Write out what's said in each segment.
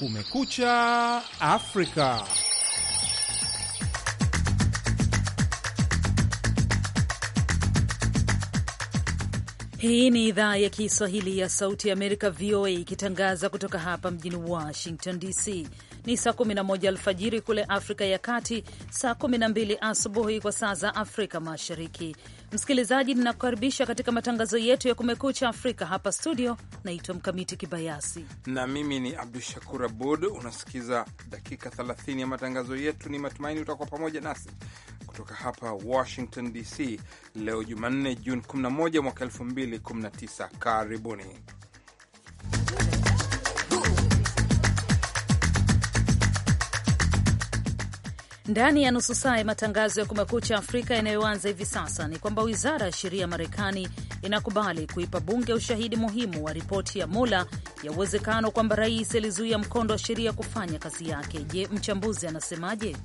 Kumekucha Afrika. Hii ni idhaa ya Kiswahili ya Sauti ya Amerika, VOA, ikitangaza kutoka hapa mjini Washington DC. Ni saa 11 alfajiri kule Afrika ya Kati, saa 12 asubuhi kwa saa za Afrika Mashariki. Msikilizaji, ninakukaribisha katika matangazo yetu ya Kumekucha Afrika. Hapa studio naitwa Mkamiti Kibayasi na mimi ni Abdu Shakur Abud. Unasikiza dakika 30 ya matangazo yetu, ni matumaini utakuwa pamoja nasi kutoka hapa Washington DC leo Jumanne, Juni 11 mwaka 2019. Karibuni. Ndani ya nusu saa ya matangazo ya Kumekucha Afrika yanayoanza hivi sasa ni kwamba wizara ya sheria ya Marekani inakubali kuipa bunge ushahidi muhimu wa ripoti ya Mula ya uwezekano kwamba rais alizuia mkondo wa sheria kufanya kazi yake. Je, mchambuzi anasemaje?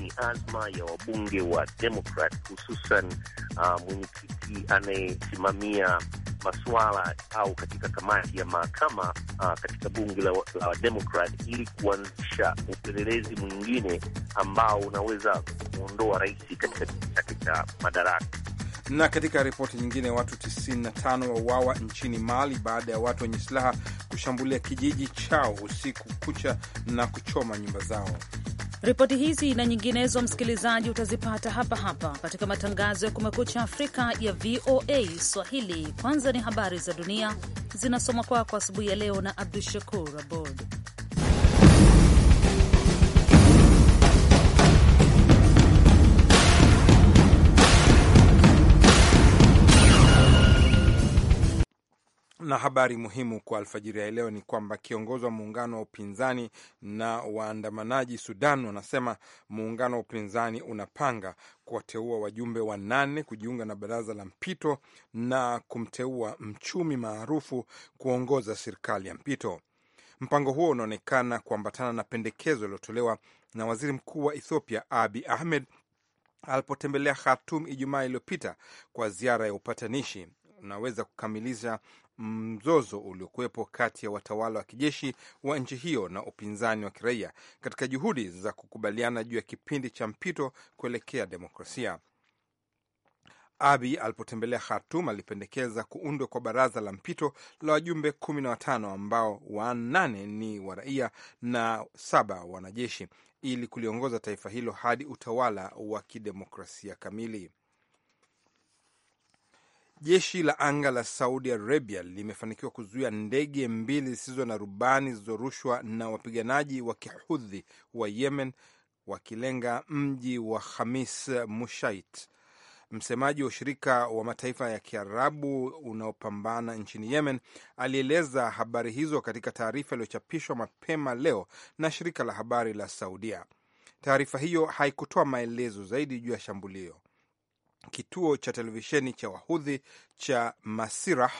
Ni azma ya wabunge wa Demokrat, hususan uh, mwenyekiti anayesimamia masuala au katika kamati ya mahakama uh, katika bunge la, la Wademokrat ili kuanzisha upelelezi mwingine ambao unaweza kuondoa rais katika chake cha madaraka. Na katika ripoti nyingine, watu 95 wauawa nchini Mali baada ya watu wenye silaha kushambulia kijiji chao usiku kucha na kuchoma nyumba zao. Ripoti hizi na nyinginezo, msikilizaji, utazipata hapa hapa katika matangazo ya Kumekucha Afrika ya VOA Swahili. Kwanza ni habari za dunia zinasomwa kwako kwa asubuhi ya leo na Abdu Shakur Abod. na habari muhimu kwa alfajiri ya leo ni kwamba kiongozi wa muungano wa upinzani na waandamanaji Sudan wanasema muungano wa upinzani unapanga kuwateua wajumbe wanane kujiunga na baraza la mpito na kumteua mchumi maarufu kuongoza serikali ya mpito. Mpango huo unaonekana kuambatana na pendekezo lililotolewa na waziri mkuu wa Ethiopia Abi Ahmed alipotembelea Khartum Ijumaa iliyopita kwa ziara ya upatanishi unaweza kukamilisha mzozo uliokuwepo kati ya watawala wa kijeshi wa nchi hiyo na upinzani wa kiraia katika juhudi za kukubaliana juu ya kipindi cha mpito kuelekea demokrasia. Abi alipotembelea Khartum alipendekeza kuundwa kwa baraza la mpito la wajumbe kumi na watano ambao wanane ni waraia na saba wanajeshi ili kuliongoza taifa hilo hadi utawala wa kidemokrasia kamili. Jeshi la anga la Saudi Arabia limefanikiwa kuzuia ndege mbili zisizo na rubani zilizorushwa na wapiganaji wa kihudhi wa Yemen wakilenga mji wa Khamis Mushait. Msemaji wa ushirika wa mataifa ya Kiarabu unaopambana nchini Yemen alieleza habari hizo katika taarifa iliyochapishwa mapema leo na shirika la habari la Saudia. Taarifa hiyo haikutoa maelezo zaidi juu ya shambulio. Kituo cha televisheni cha wahudhi cha Masirah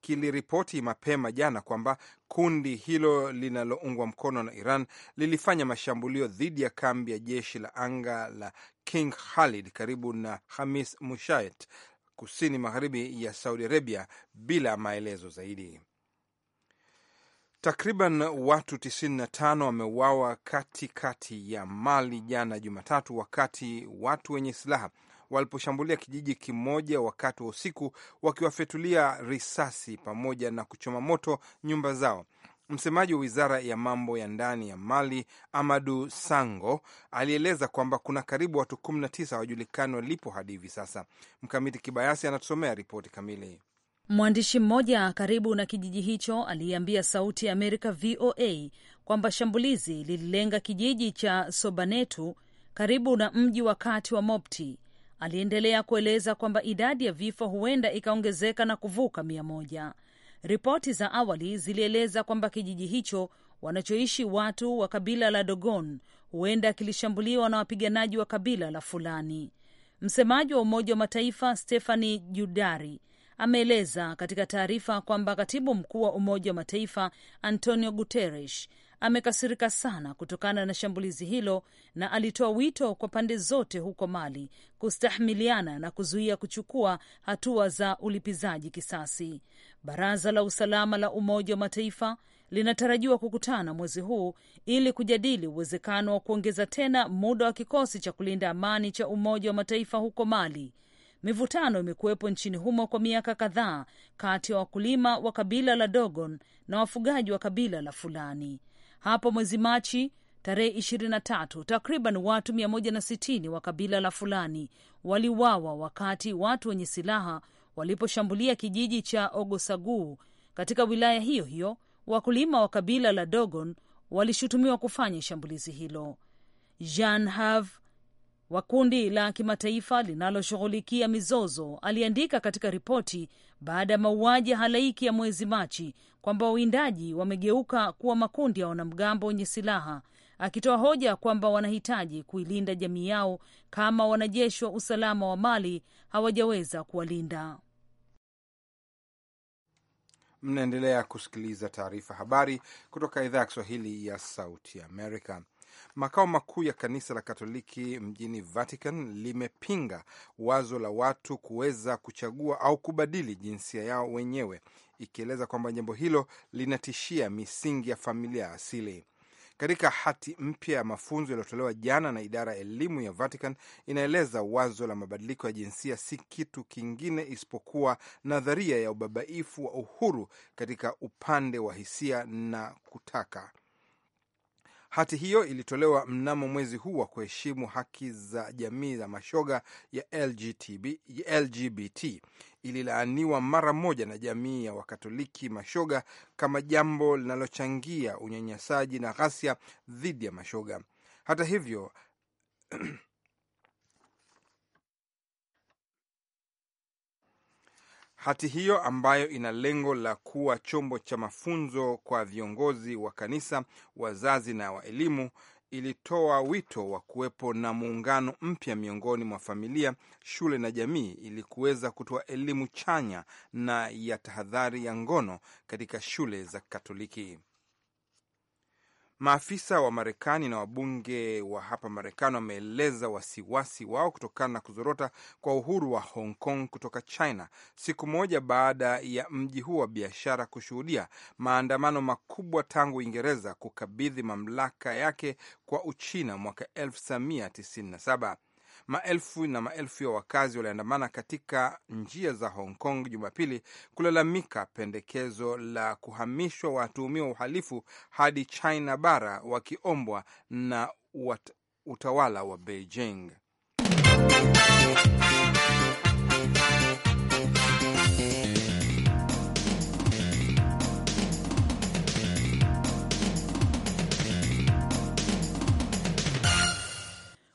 kiliripoti mapema jana kwamba kundi hilo linaloungwa mkono na Iran lilifanya mashambulio dhidi ya kambi ya jeshi la anga la King Khalid karibu na Hamis Mushait, kusini magharibi ya Saudi Arabia, bila maelezo zaidi. Takriban watu 95 wameuawa katikati ya Mali jana Jumatatu, wakati watu wenye silaha waliposhambulia kijiji kimoja wakati wa usiku, wakiwafyatulia risasi pamoja na kuchoma moto nyumba zao. Msemaji wa wizara ya mambo ya ndani ya Mali, Amadu Sango, alieleza kwamba kuna karibu watu 19 hawajulikani walipo hadi hivi sasa. Mkamiti Kibayasi anatusomea ripoti kamili. Mwandishi mmoja karibu na kijiji hicho aliiambia Sauti ya Amerika VOA kwamba shambulizi lililenga kijiji cha Sobanetu karibu na mji wa kati wa Mopti Aliendelea kueleza kwamba idadi ya vifo huenda ikaongezeka na kuvuka mia moja. Ripoti za awali zilieleza kwamba kijiji hicho wanachoishi watu wa kabila la Dogon huenda kilishambuliwa na wapiganaji wa kabila la Fulani. Msemaji wa Umoja wa Mataifa Stephani Judari ameeleza katika taarifa kwamba katibu mkuu wa Umoja wa Mataifa Antonio Guterres amekasirika sana kutokana na shambulizi hilo na alitoa wito kwa pande zote huko Mali kustahimiliana na kuzuia kuchukua hatua za ulipizaji kisasi. Baraza la Usalama la Umoja wa Mataifa linatarajiwa kukutana mwezi huu ili kujadili uwezekano wa kuongeza tena muda wa kikosi cha kulinda amani cha Umoja wa Mataifa huko Mali. Mivutano imekuwepo nchini humo kwa miaka kadhaa kati ya wakulima wa kabila la Dogon na wafugaji wa kabila la Fulani. Hapo mwezi Machi tarehe 23 takriban watu 160 wa kabila la Fulani waliuawa wakati watu wenye silaha waliposhambulia kijiji cha Ogosaguu katika wilaya hiyo hiyo. Wakulima wa kabila la Dogon walishutumiwa kufanya shambulizi hilo. Jean Have wa kundi la kimataifa linaloshughulikia mizozo aliandika katika ripoti baada ya mauaji halaiki ya mwezi Machi kwamba wawindaji wamegeuka kuwa makundi ya wanamgambo wenye silaha, akitoa hoja kwamba wanahitaji kuilinda jamii yao kama wanajeshi wa usalama wa Mali hawajaweza kuwalinda. Mnaendelea kusikiliza taarifa habari kutoka idhaa ya Kiswahili ya Sauti Amerika. Makao makuu ya kanisa la Katoliki mjini Vatican limepinga wazo la watu kuweza kuchagua au kubadili jinsia yao wenyewe, ikieleza kwamba jambo hilo linatishia misingi ya familia ya asili. Katika hati mpya ya mafunzo yaliyotolewa jana na idara ya elimu ya Vatican inaeleza wazo la mabadiliko ya jinsia si kitu kingine isipokuwa nadharia ya ubabaifu wa uhuru katika upande wa hisia na kutaka. Hati hiyo ilitolewa mnamo mwezi huu wa kuheshimu haki za jamii za mashoga ya LGBT. Ililaaniwa mara moja na jamii ya Wakatoliki mashoga kama jambo linalochangia unyanyasaji na ghasia dhidi ya mashoga. Hata hivyo Hati hiyo ambayo ina lengo la kuwa chombo cha mafunzo kwa viongozi wa kanisa, wazazi na waelimu ilitoa wito wa kuwepo na muungano mpya miongoni mwa familia, shule na jamii ili kuweza kutoa elimu chanya na ya tahadhari ya ngono katika shule za Katoliki. Maafisa wa Marekani na wabunge wa hapa Marekani wameeleza wasiwasi wao kutokana na kuzorota kwa uhuru wa Hong Kong kutoka China, siku moja baada ya mji huo wa biashara kushuhudia maandamano makubwa tangu Uingereza kukabidhi mamlaka yake kwa Uchina mwaka 1997. Maelfu na maelfu ya wakazi waliandamana katika njia za Hong Kong Jumapili kulalamika pendekezo la kuhamishwa watuhumiwa wa uhalifu hadi China bara wakiombwa na utawala wa Beijing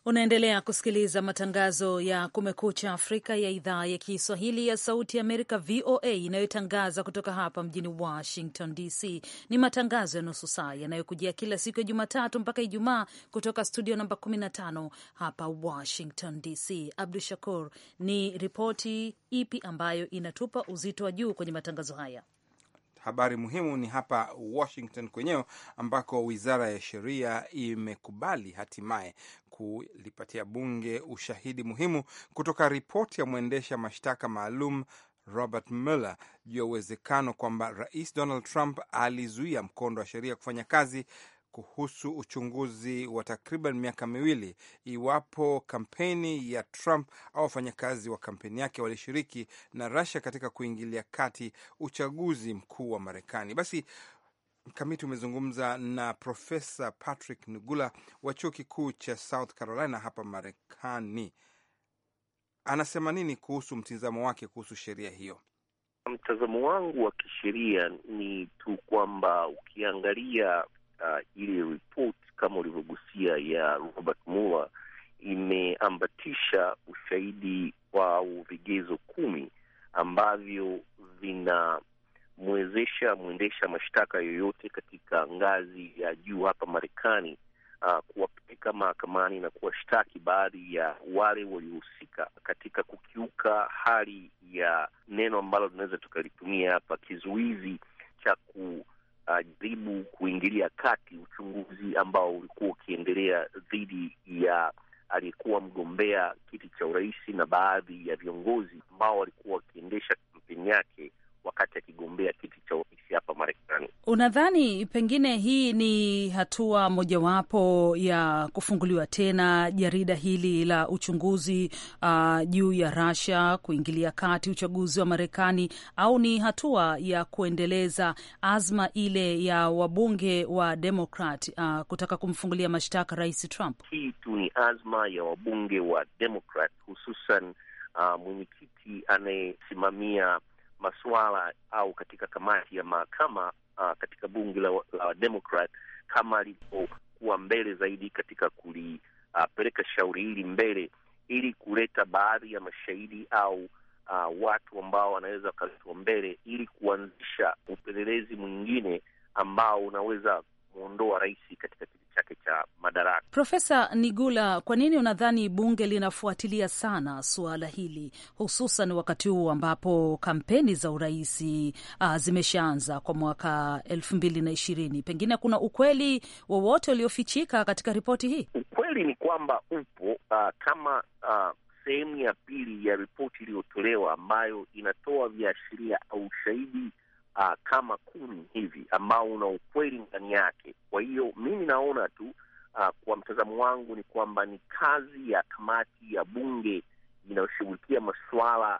Unaendelea kusikiliza matangazo ya Kumekucha Afrika ya idhaa ya Kiswahili ya Sauti Amerika, VOA, inayotangaza kutoka hapa mjini Washington DC. Ni matangazo ya nusu saa yanayokujia kila siku ya Jumatatu mpaka Ijumaa kutoka studio namba 15 hapa Washington DC. Abdu Shakur, ni ripoti ipi ambayo inatupa uzito wa juu kwenye matangazo haya? Habari muhimu ni hapa Washington kwenyewe ambako wizara ya sheria imekubali hatimaye kulipatia bunge ushahidi muhimu kutoka ripoti ya mwendesha mashtaka maalum Robert Mueller juu ya uwezekano kwamba rais Donald Trump alizuia mkondo wa sheria kufanya kazi kuhusu uchunguzi wa takriban miaka miwili iwapo kampeni ya Trump au wafanyakazi wa kampeni yake walishiriki na Russia katika kuingilia kati uchaguzi mkuu wa Marekani. Basi Mkamiti umezungumza na Profesa Patrick Nugula wa chuo kikuu cha South Carolina hapa Marekani. Anasema nini kuhusu mtizamo wake kuhusu sheria hiyo? Mtazamo wangu wa kisheria ni tu kwamba ukiangalia uh, ile report kama ulivyogusia ya Robert Mueller imeambatisha ushahidi au vigezo kumi ambavyo vinamwezesha mwendesha mashtaka yoyote katika ngazi ya juu hapa Marekani uh, kuwapeleka mahakamani na kuwashtaki baadhi ya wale waliohusika katika kukiuka hali ya neno ambalo tunaweza tukalitumia hapa kizuizi cha ku jaribu kuingilia kati uchunguzi ambao ulikuwa ukiendelea dhidi ya aliyekuwa mgombea kiti cha urais na baadhi ya viongozi ambao walikuwa wakiendesha kampeni yake wakati akigombea kiti cha ofisi hapa Marekani. Unadhani pengine hii ni hatua mojawapo ya kufunguliwa tena jarida hili la uchunguzi uh, juu ya Russia kuingilia kati uchaguzi wa Marekani, au ni hatua ya kuendeleza azma ile ya wabunge wa Demokrat uh, kutaka kumfungulia mashtaka Rais Trump? Hii tu ni azma ya wabunge wa Demokrat hususan uh, mwenyekiti anayesimamia masuala au katika kamati ya mahakama uh, katika bunge la, la Wademokrat kama alivyokuwa mbele zaidi katika kulipeleka uh, shauri hili mbele ili kuleta baadhi ya mashahidi au uh, watu ambao wanaweza wakaletwa mbele ili kuanzisha upelelezi mwingine ambao unaweza kuondoa rais katika chake cha madaraka. Profesa Nigula, kwa nini unadhani bunge linafuatilia sana suala hili hususan wakati huu ambapo kampeni za urahisi uh, ah, zimeshaanza kwa mwaka elfu mbili na ishirini? Pengine kuna ukweli wowote uliofichika katika ripoti hii? Ukweli ni kwamba upo uh, kama uh, sehemu ya pili ya ripoti iliyotolewa ambayo inatoa viashiria au ushahidi uh, kama kumi hivi ambao una ukweli ndani yake. Kwa hiyo mimi naona tu uh, kwa mtazamo wangu ni kwamba ni kazi ya kamati ya bunge inayoshughulikia masuala ya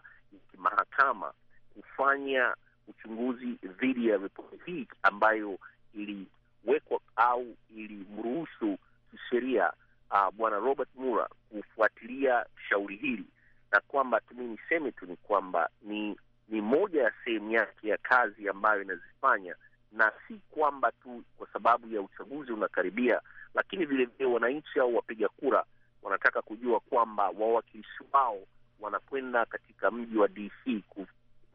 kimahakama kufanya uchunguzi dhidi ya ripoti hii ambayo iliwekwa au ilimruhusu kisheria uh, Bwana Robert Mura kufuatilia shauri hili, na kwamba tu mi niseme tu ni kwamba ni ni moja ya sehemu yake ya kazi ambayo inazifanya, na si kwamba tu kwa sababu ya uchaguzi unakaribia, lakini vilevile wananchi au wapiga kura wanataka kujua kwamba wawakilishi wao wanakwenda katika mji wa DC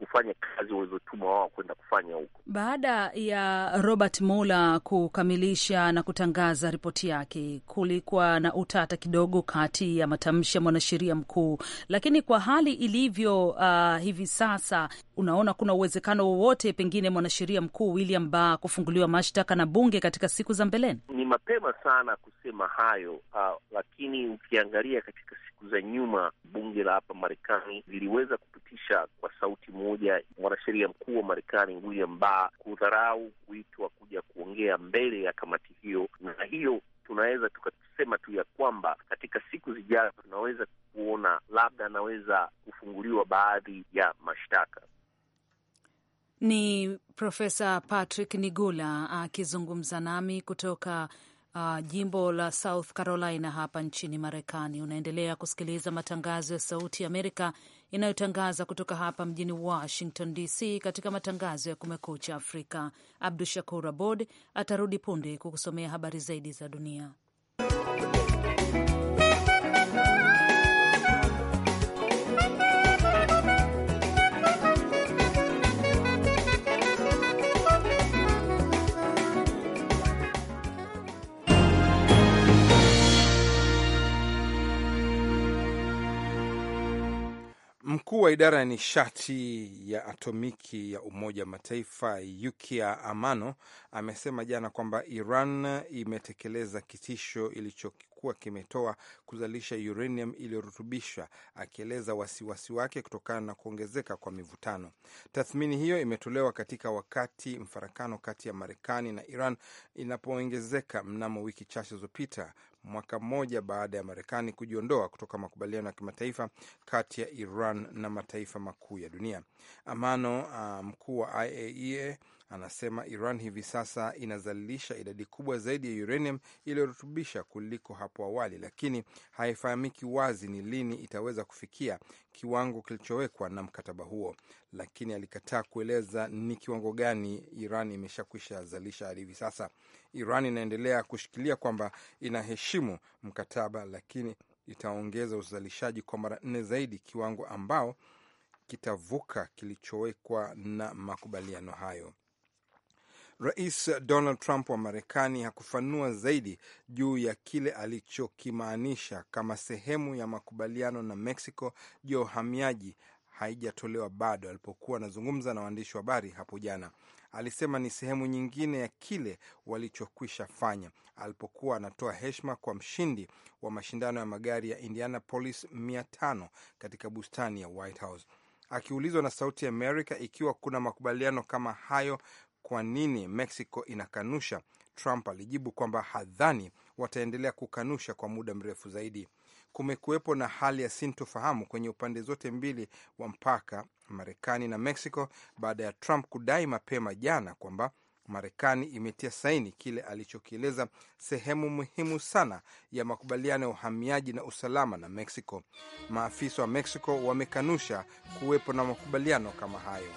ufanye kazi ulizotumwa wao kwenda kufanya huko. Baada ya Robert Mueller kukamilisha na kutangaza ripoti yake, kulikuwa na utata kidogo kati ya matamshi ya mwanasheria mkuu, lakini kwa hali ilivyo uh, hivi sasa, unaona kuna uwezekano wowote pengine mwanasheria mkuu William Barr kufunguliwa mashtaka na bunge katika siku za mbeleni? Ni mapema sana kusema hayo, uh, lakini ukiangalia katika siku za nyuma bunge la hapa Marekani liliweza kupitisha kwa sauti moja mwanasheria mkuu wa Marekani William Barr kudharau kuitwa kuja kuongea mbele ya kamati hiyo, na hiyo tunaweza tukasema tu ya kwamba katika siku zijazo tunaweza kuona labda anaweza kufunguliwa baadhi ya mashtaka. Ni Profesa Patrick Nigula akizungumza nami kutoka uh, jimbo la South Carolina hapa nchini Marekani. Unaendelea kusikiliza matangazo ya Sauti Amerika inayotangaza kutoka hapa mjini Washington DC, katika matangazo ya Kumekucha Afrika. Abdu Shakur Abod atarudi punde kukusomea habari zaidi za dunia. wa idara ya nishati ya atomiki ya Umoja wa Mataifa Yukia Amano amesema jana kwamba Iran imetekeleza kitisho ilichokuwa kimetoa kuzalisha uranium iliyorutubishwa, akieleza wasiwasi wake kutokana na kuongezeka kwa mivutano. Tathmini hiyo imetolewa katika wakati mfarakano kati ya Marekani na Iran inapoongezeka mnamo wiki chache zilizopita mwaka mmoja baada ya Marekani kujiondoa kutoka makubaliano ya kimataifa kati ya Iran na mataifa makuu ya dunia. Amano, uh, mkuu um, wa IAEA e Anasema Iran hivi sasa inazalisha idadi kubwa zaidi ya uranium iliyorutubisha kuliko hapo awali, lakini haifahamiki wazi ni lini itaweza kufikia kiwango kilichowekwa na mkataba huo, lakini alikataa kueleza ni kiwango gani Iran imeshakwisha zalisha hadi hivi sasa. Iran inaendelea kushikilia kwamba inaheshimu mkataba, lakini itaongeza uzalishaji kwa mara nne zaidi, kiwango ambao kitavuka kilichowekwa na makubaliano hayo. Rais Donald Trump wa Marekani hakufanua zaidi juu ya kile alichokimaanisha kama sehemu ya makubaliano na Mexico juu ya uhamiaji haijatolewa bado. Alipokuwa anazungumza na waandishi wa habari hapo jana, alisema ni sehemu nyingine ya kile walichokwisha fanya, alipokuwa anatoa heshima kwa mshindi wa mashindano ya magari ya Indianapolis 500 katika bustani ya White House. Akiulizwa na Sauti ya Amerika ikiwa kuna makubaliano kama hayo kwa nini Mexico inakanusha, Trump alijibu kwamba hadhani wataendelea kukanusha kwa muda mrefu zaidi. Kumekuwepo na hali ya sintofahamu kwenye upande zote mbili wa mpaka Marekani na Mexico baada ya Trump kudai mapema jana kwamba Marekani imetia saini kile alichokieleza sehemu muhimu sana ya makubaliano ya uhamiaji na usalama na Mexico. Maafisa wa Mexico wamekanusha kuwepo na makubaliano kama hayo.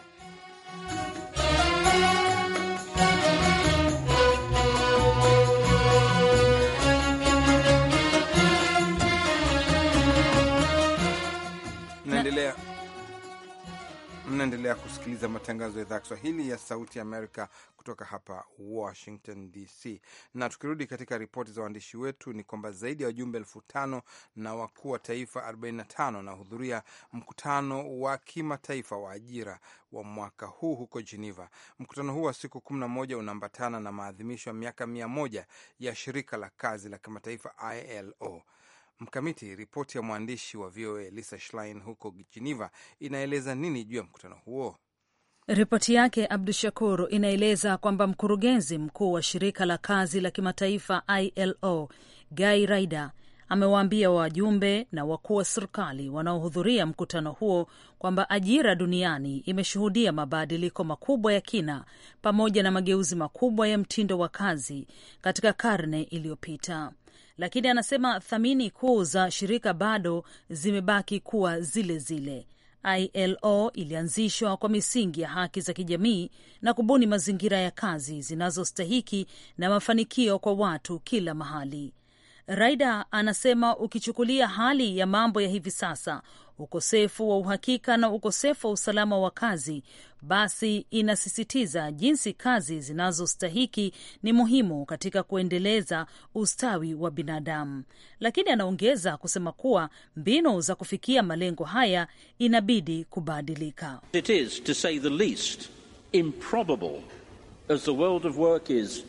Mnaendelea mnaendelea kusikiliza matangazo ya idhaa ya Kiswahili ya Sauti ya Amerika kutoka hapa Washington DC. Na tukirudi katika ripoti za waandishi wetu, ni kwamba zaidi ya wajumbe elfu tano na wakuu wa taifa 45 wanahudhuria mkutano wa kimataifa wa ajira wa mwaka huu huko Geneva. Mkutano huu wa siku 11 unaambatana na maadhimisho ya miaka mia moja ya shirika la kazi la kimataifa ILO. Mkamiti, ripoti ya mwandishi wa VOA Lisa Schlein huko Geneva inaeleza nini juu ya mkutano huo? Ripoti yake Abdu Shakur inaeleza kwamba mkurugenzi mkuu wa shirika la kazi la kimataifa ILO Guy Ryder amewaambia wajumbe na wakuu wa serikali wanaohudhuria mkutano huo kwamba ajira duniani imeshuhudia mabadiliko makubwa ya kina pamoja na mageuzi makubwa ya mtindo wa kazi katika karne iliyopita lakini anasema thamini kuu za shirika bado zimebaki kuwa zile zile. ILO ilianzishwa kwa misingi ya haki za kijamii na kubuni mazingira ya kazi zinazostahiki na mafanikio kwa watu kila mahali. Raida anasema ukichukulia hali ya mambo ya hivi sasa, ukosefu wa uhakika na ukosefu wa usalama wa kazi, basi inasisitiza jinsi kazi zinazostahiki ni muhimu katika kuendeleza ustawi wa binadamu. Lakini anaongeza kusema kuwa mbinu za kufikia malengo haya inabidi kubadilika. It is, to say the least, improbable as the world of work is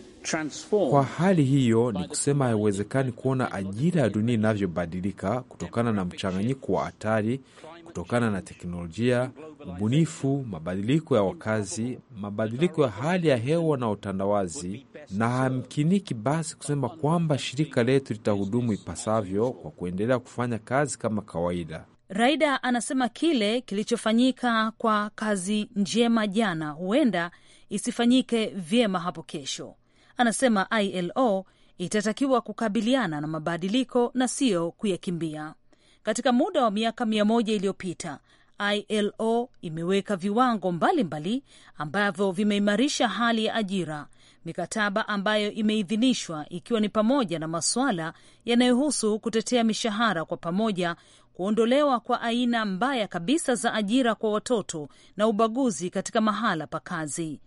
kwa hali hiyo ni kusema haiwezekani kuona ajira ya dunia inavyobadilika kutokana na mchanganyiko wa hatari, kutokana na teknolojia, ubunifu, mabadiliko ya wakazi, mabadiliko ya hali ya hewa na utandawazi, na hamkiniki basi kusema kwamba shirika letu litahudumu ipasavyo kwa kuendelea kufanya kazi kama kawaida. Raida anasema kile kilichofanyika kwa kazi njema jana huenda isifanyike vyema hapo kesho anasema ILO itatakiwa kukabiliana na mabadiliko na siyo kuyakimbia. Katika muda wa miaka mia moja iliyopita ILO imeweka viwango mbalimbali ambavyo vimeimarisha hali ya ajira, mikataba ambayo imeidhinishwa ikiwa ni pamoja na masuala yanayohusu kutetea mishahara kwa pamoja, kuondolewa kwa aina mbaya kabisa za ajira kwa watoto na ubaguzi katika mahala pa kazi.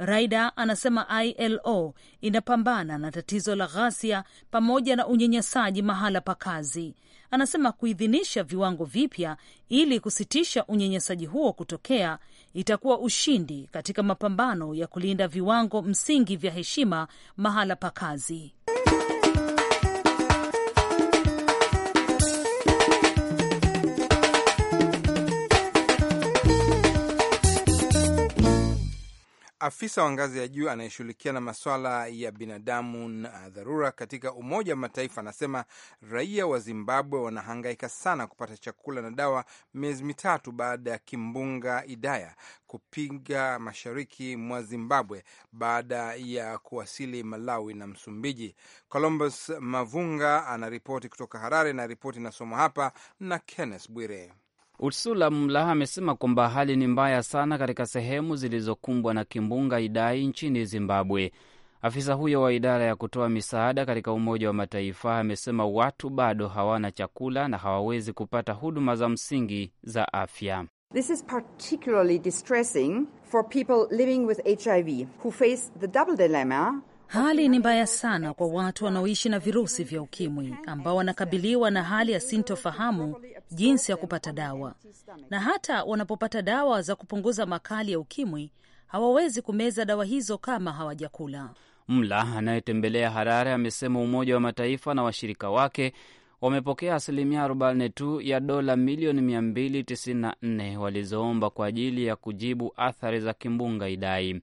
Raida anasema ILO inapambana na tatizo la ghasia pamoja na unyanyasaji mahala pa kazi. Anasema kuidhinisha viwango vipya ili kusitisha unyanyasaji huo kutokea itakuwa ushindi katika mapambano ya kulinda viwango msingi vya heshima mahala pa kazi. Afisa wa ngazi ya juu anayeshughulikia na maswala ya binadamu na dharura katika Umoja wa Mataifa anasema raia wa Zimbabwe wanahangaika sana kupata chakula na dawa, miezi mitatu baada ya kimbunga Idaya kupiga mashariki mwa Zimbabwe baada ya kuwasili Malawi na Msumbiji. Columbus Mavunga anaripoti kutoka Harare na ripoti inasomwa hapa na Kenneth Bwire. Ursula Mla amesema kwamba hali ni mbaya sana katika sehemu zilizokumbwa na kimbunga Idai nchini Zimbabwe. Afisa huyo wa idara ya kutoa misaada katika Umoja wa Mataifa amesema watu bado hawana chakula na hawawezi kupata huduma za msingi za afya. This is particularly distressing for people living with HIV who face the double dilemma Hali ni mbaya sana kwa watu wanaoishi na virusi vya ukimwi ambao wanakabiliwa na hali ya sintofahamu jinsi ya kupata dawa, na hata wanapopata dawa za kupunguza makali ya ukimwi hawawezi kumeza dawa hizo kama hawajakula. Mla anayetembelea Harare amesema Umoja wa Mataifa na washirika wake wamepokea asilimia 42 ya dola milioni 294 walizoomba kwa ajili ya kujibu athari za kimbunga Idai.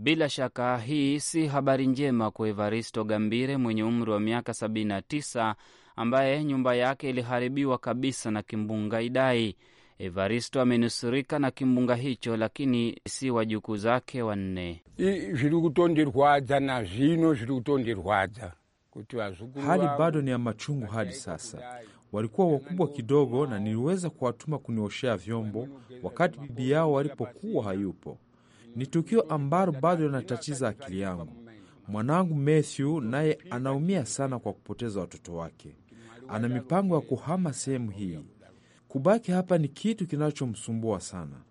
Bila shaka hii si habari njema kwa Evaristo Gambire mwenye umri wa miaka 79 ambaye nyumba yake iliharibiwa kabisa na kimbunga Idai. Evaristo amenusurika na kimbunga hicho, lakini si wajukuu zake wanne. Hali bado ni ya machungu hadi sasa. Walikuwa wakubwa kidogo na niliweza kuwatuma kunioshea vyombo wakati bibi yao walipokuwa hayupo. Ni tukio ambalo bado linatatiza akili yangu. Mwanangu Matthew naye anaumia sana kwa kupoteza watoto wake. Ana mipango ya kuhama sehemu hii. Kubaki hapa ni kitu kinachomsumbua sana.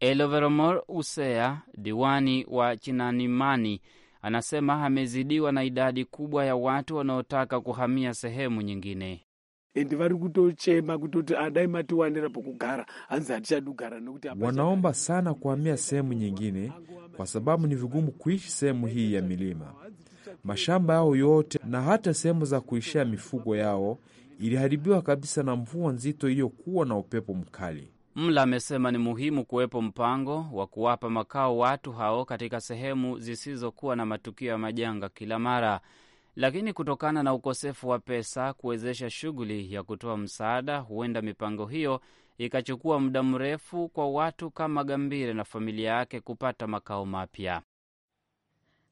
Elveromor Usea, diwani wa Chinanimani, anasema amezidiwa na idadi kubwa ya watu wanaotaka kuhamia sehemu nyingine ende vari kutochema kutoti adai ah, matiwanira pokugara hanzi hatichadi kugara nokuti wanaomba sana kuhamia sehemu nyingine, kwa sababu ni vigumu kuishi sehemu hii ya milima. Mashamba yao yote na hata sehemu za kuishia mifugo yao iliharibiwa kabisa na mvua nzito iliyokuwa na upepo mkali. Mla amesema ni muhimu kuwepo mpango wa kuwapa makao watu hao katika sehemu zisizokuwa na matukio ya majanga kila mara lakini kutokana na ukosefu wa pesa kuwezesha shughuli ya kutoa msaada, huenda mipango hiyo ikachukua muda mrefu kwa watu kama Gambire na familia yake kupata makao mapya.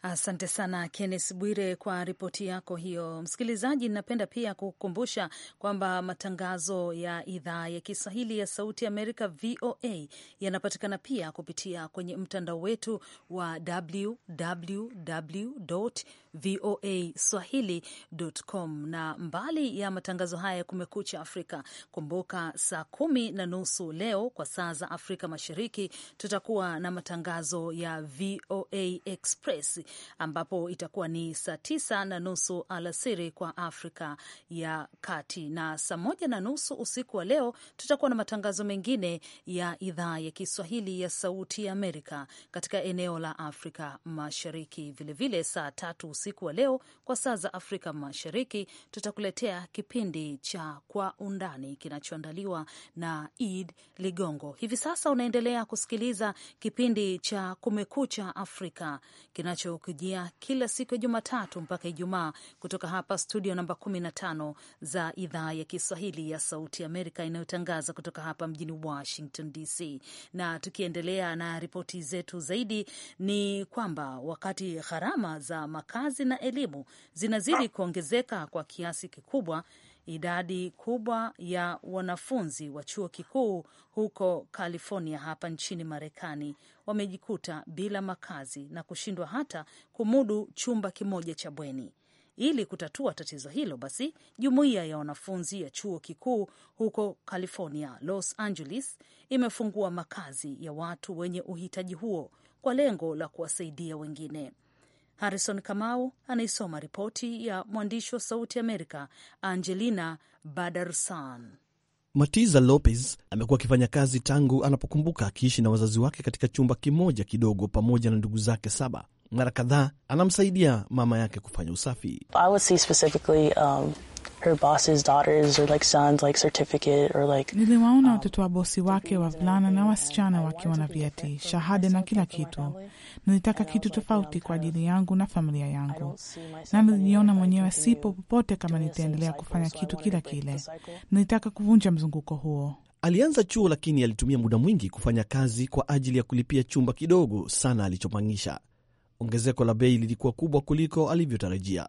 Asante sana Kennes Bwire kwa ripoti yako hiyo. Msikilizaji, ninapenda pia kukukumbusha kwamba matangazo ya idhaa ya Kiswahili ya Sauti Amerika, VOA, yanapatikana pia kupitia kwenye mtandao wetu wa www voa swahili.com, na mbali ya matangazo haya ya Kumekucha Afrika, kumbuka saa kumi na nusu leo kwa saa za Afrika Mashariki tutakuwa na matangazo ya VOA Express ambapo itakuwa ni saa tisa na nusu alasiri kwa Afrika ya Kati, na saa moja na nusu usiku wa leo tutakuwa na matangazo mengine ya idhaa ya Kiswahili ya Sauti ya Amerika katika eneo la Afrika Mashariki. Vilevile saa tatu usiku wa leo kwa saa za Afrika Mashariki tutakuletea kipindi cha Kwa Undani kinachoandaliwa na Id Ligongo. Hivi sasa unaendelea kusikiliza kipindi cha Kumekucha Afrika kinacho kujia kila siku ya Jumatatu mpaka Ijumaa kutoka hapa studio namba 15 za idhaa ya Kiswahili ya Sauti Amerika inayotangaza kutoka hapa mjini Washington DC. Na tukiendelea na ripoti zetu zaidi, ni kwamba wakati gharama za makazi na elimu zinazidi kuongezeka kwa kiasi kikubwa idadi kubwa ya wanafunzi wa chuo kikuu huko California hapa nchini Marekani wamejikuta bila makazi na kushindwa hata kumudu chumba kimoja cha bweni. Ili kutatua tatizo hilo, basi jumuiya ya wanafunzi ya chuo kikuu huko California, Los Angeles imefungua makazi ya watu wenye uhitaji huo kwa lengo la kuwasaidia wengine. Harrison Kamau anaisoma ripoti ya mwandishi wa Sauti Amerika Angelina Badarsan. Matiza Lopez amekuwa akifanya kazi tangu anapokumbuka, akiishi na wazazi wake katika chumba kimoja kidogo pamoja na ndugu zake saba. Mara kadhaa anamsaidia mama yake kufanya usafi. I would see specifically, um, her boss's daughters or like sons like certificate or like. Niliwaona um, watoto wa bosi wake wavulana na wasichana wakiwa na vyeti, shahada na kila kitu. Nilitaka kitu tofauti kwa ajili yangu na familia yangu, na nilijiona mwenyewe sipo popote kama nitaendelea kufanya kitu kila kile. Nilitaka kuvunja mzunguko huo. Alianza chuo lakini alitumia muda mwingi kufanya kazi kwa ajili ya kulipia chumba kidogo sana alichopangisha. Ongezeko la bei lilikuwa kubwa kuliko alivyotarajia.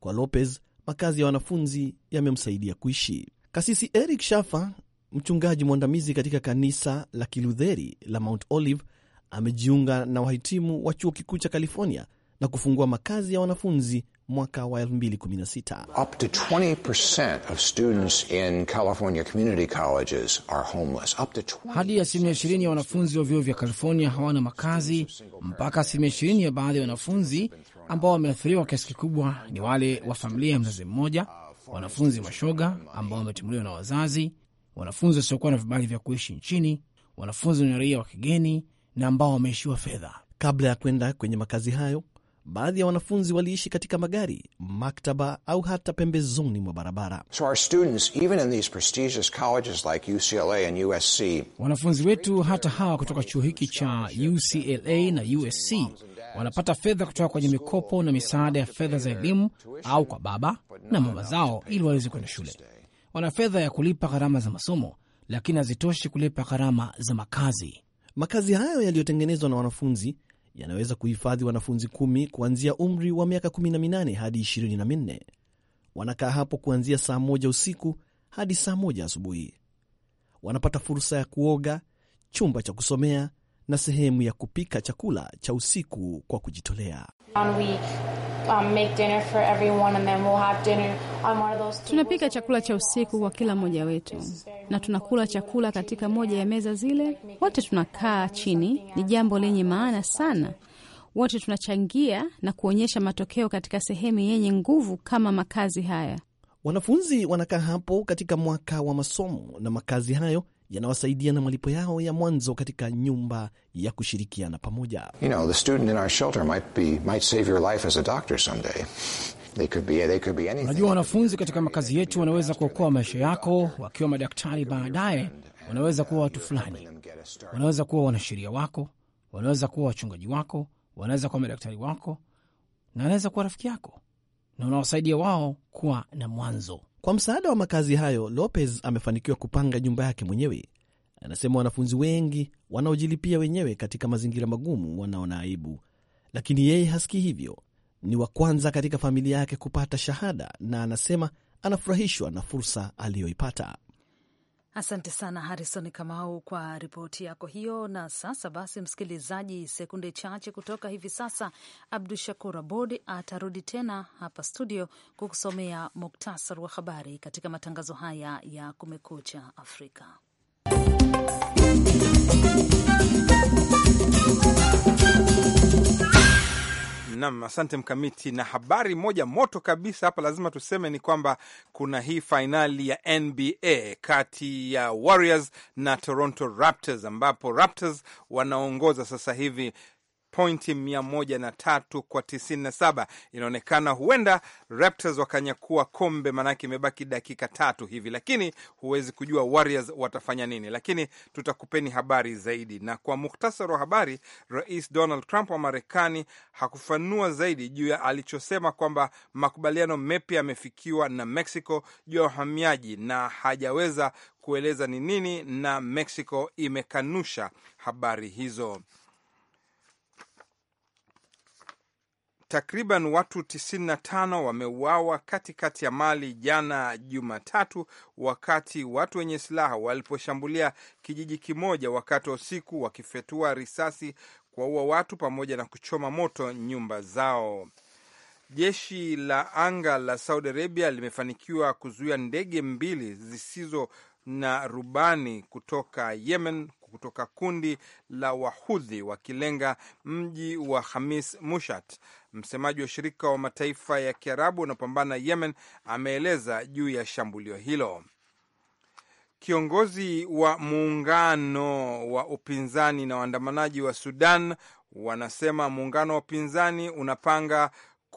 Kwa Lopez, makazi ya wanafunzi yamemsaidia kuishi. Kasisi Eric Shafa, mchungaji mwandamizi katika kanisa la Kilutheri la Mount Olive, amejiunga na wahitimu wa chuo kikuu cha California na kufungua makazi ya wanafunzi mwaka wa 2016. Up to 20% of students in California community colleges are homeless. Up to 20%. Hadi asilimia 20 ya wanafunzi wa vyuo vya California hawana makazi, mpaka asilimia 20 ya baadhi ya wanafunzi ambao wameathiriwa kiasi kikubwa ni wale wa familia ya mzazi mmoja, wanafunzi mashoga ambao wametumuliwa na wazazi, wanafunzi wasiokuwa na vibali vya kuishi nchini, wanafunzi wenye raia wa kigeni na ambao wameishiwa fedha. Kabla ya kwenda kwenye makazi hayo, baadhi ya wanafunzi waliishi katika magari, maktaba au hata pembezoni mwa barabara. So our students, even in these prestigious colleges like UCLA and USC, wanafunzi wetu hata hawa kutoka chuo hiki cha UCLA na USC wanapata fedha kutoka kwenye mikopo na misaada ya fedha za elimu au kwa baba na mama zao ili waweze kwenda shule. Wana fedha ya kulipa gharama za masomo, lakini hazitoshi kulipa gharama za makazi. Makazi hayo yaliyotengenezwa na wanafunzi yanaweza kuhifadhi wanafunzi kumi kuanzia umri wa miaka 18 hadi 24. Wanakaa hapo kuanzia saa moja usiku hadi saa moja asubuhi. Wanapata fursa ya kuoga, chumba cha kusomea, na sehemu ya kupika chakula cha usiku kwa kujitolea. Um, um, Tunapika chakula cha usiku kwa kila mmoja wetu, na tunakula chakula katika moja ya meza zile. Wote tunakaa chini, ni jambo lenye maana sana. Wote tunachangia na kuonyesha matokeo katika sehemu yenye nguvu kama makazi haya. Wanafunzi wanakaa hapo katika mwaka wa masomo, na makazi hayo yanawasaidia na malipo yao ya mwanzo katika nyumba ya kushirikiana pamoja. You know, Unajua, wanafunzi katika makazi yetu wanaweza kuokoa maisha yako wakiwa madaktari baadaye. Wanaweza kuwa watu fulani, wanaweza kuwa wanasheria wako, wanaweza kuwa wachungaji wako, wanaweza kuwa madaktari wako, na wanaweza kuwa rafiki yako, na unawasaidia wao kuwa na mwanzo kwa msaada wa makazi hayo, Lopez amefanikiwa kupanga nyumba yake mwenyewe. Anasema wanafunzi wengi wanaojilipia wenyewe katika mazingira magumu wanaona aibu, lakini yeye hasikii hivyo. Ni wa kwanza katika familia yake kupata shahada, na anasema anafurahishwa na fursa aliyoipata. Asante sana harison Kamau kwa ripoti yako hiyo. Na sasa basi, msikilizaji, sekunde chache kutoka hivi sasa, Abdu Shakur Abod atarudi tena hapa studio kukusomea muktasar wa habari katika matangazo haya ya Kumekucha Afrika. Nam, asante Mkamiti. Na habari moja moto kabisa hapa lazima tuseme ni kwamba kuna hii fainali ya NBA kati ya Warriors na Toronto Raptors, ambapo Raptors wanaongoza sasa hivi pointi 103 kwa 97. Inaonekana huenda Raptors wakanyakua kombe, maanake imebaki dakika tatu hivi, lakini huwezi kujua Warriors watafanya nini, lakini tutakupeni habari zaidi. Na kwa muhtasari wa habari, Rais Donald Trump wa Marekani hakufanua zaidi juu ya alichosema kwamba makubaliano mepya yamefikiwa na Mexico juu ya uhamiaji na hajaweza kueleza ni nini, na Mexico imekanusha habari hizo. Takriban watu 95 wameuawa katikati ya Mali jana Jumatatu, wakati watu wenye silaha waliposhambulia kijiji kimoja wakati wa usiku, wakifyatua risasi kuwaua watu pamoja na kuchoma moto nyumba zao. Jeshi la anga la Saudi Arabia limefanikiwa kuzuia ndege mbili zisizo na rubani kutoka Yemen kutoka kundi la Wahudhi wakilenga mji wa Khamis Mushat. Msemaji wa shirika wa mataifa ya Kiarabu unaopambana Yemen ameeleza juu ya shambulio hilo. Kiongozi wa muungano wa upinzani na waandamanaji wa Sudan wanasema muungano wa upinzani unapanga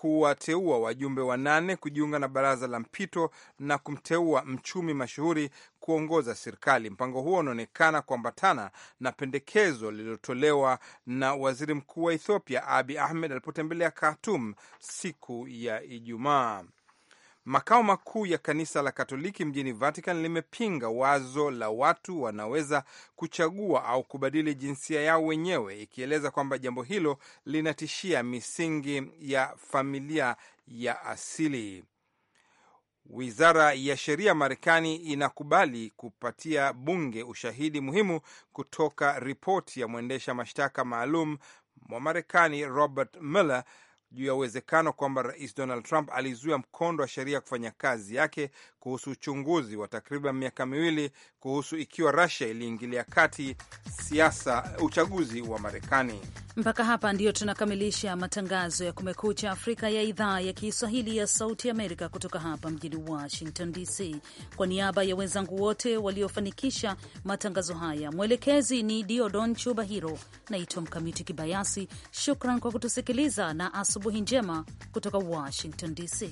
kuwateua wajumbe wanane kujiunga na baraza la mpito na kumteua mchumi mashuhuri kuongoza serikali. Mpango huo unaonekana kuambatana na pendekezo lililotolewa na waziri mkuu wa Ethiopia Abi Ahmed alipotembelea Khartoum siku ya Ijumaa. Makao makuu ya kanisa la Katoliki mjini Vatican limepinga wazo la watu wanaweza kuchagua au kubadili jinsia yao wenyewe, ikieleza kwamba jambo hilo linatishia misingi ya familia ya asili. Wizara ya sheria Marekani inakubali kupatia bunge ushahidi muhimu kutoka ripoti ya mwendesha mashtaka maalum wa Marekani Robert Mueller juu ya uwezekano kwamba Rais Donald Trump alizuia mkondo wa sheria kufanya kazi yake kuhusu uchunguzi wa takriban miaka miwili kuhusu ikiwa Russia iliingilia kati siasa uchaguzi wa Marekani. Mpaka hapa ndiyo tunakamilisha matangazo ya Kumekucha Afrika ya idhaa ya Kiswahili ya Sauti Amerika kutoka hapa mjini Washington DC. Kwa niaba ya wenzangu wote waliofanikisha matangazo haya, mwelekezi ni Diodon Chubahiro, naitwa Mkamiti Kibayasi. Shukran kwa kutusikiliza na asubu asubuhi njema kutoka Washington DC.